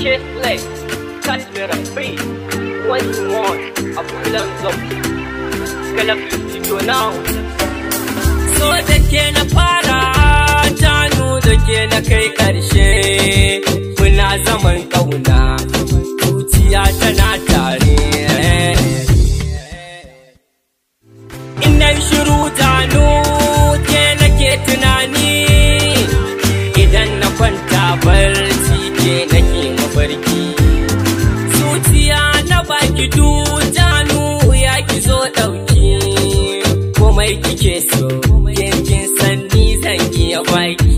Chest plate, cut with a beat. Once more, a kullum zombie. Galab studio now. So da ke na fara, tanu da ke na kai ƙarshe. Muna zaman ƙauna, zuciya tana tare. Inan shiru tanu ke na ke tunani, idan na kwanta barci ke na sarki zuciya na baki dujanu ya ki zo ɗauki komai kike so yankin sanni zan iya baki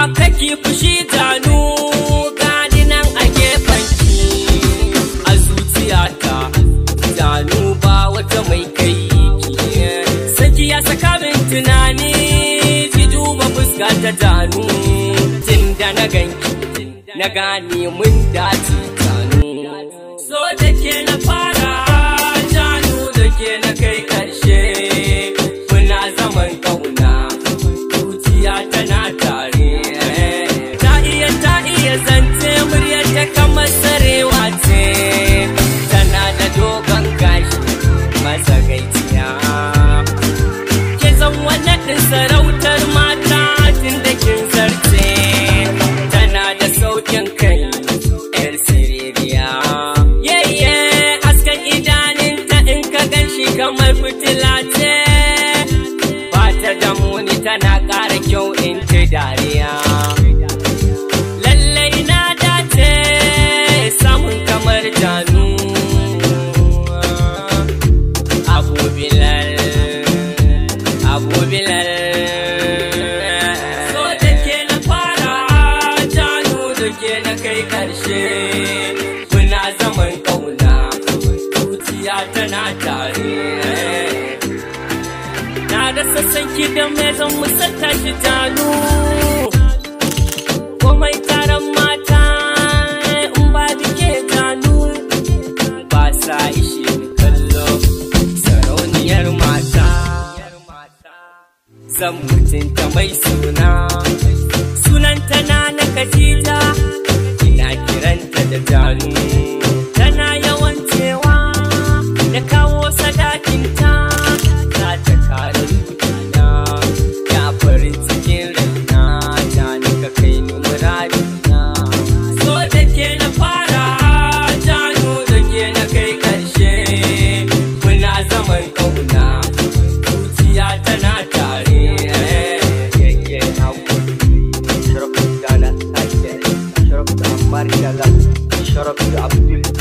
a kake fushi janu gani nan a gefanki a zuciyata janu ba wata mai kai ki saki ya saka min tunani ki duba fuska ta janu na gane mun dace kano so da ke na fara janu da ke na kai karshe muna zaman kauna zuciya tana ta ga mai fitila ce ba ta da muni tana ƙara kyau in ce dariya lallai na dace samun kamar janu abu bilal so da ke na fara janu da ke na kai ƙarshe tare na da sassan gidan mai zan musanta shi tanu komai taron mata in ba ke tanu ba sa ishe ni kallo sarauniyar mata zan mutunta mai suna sunanta na na kajita ina kiranta da janu Barikada Şarapçı Abdül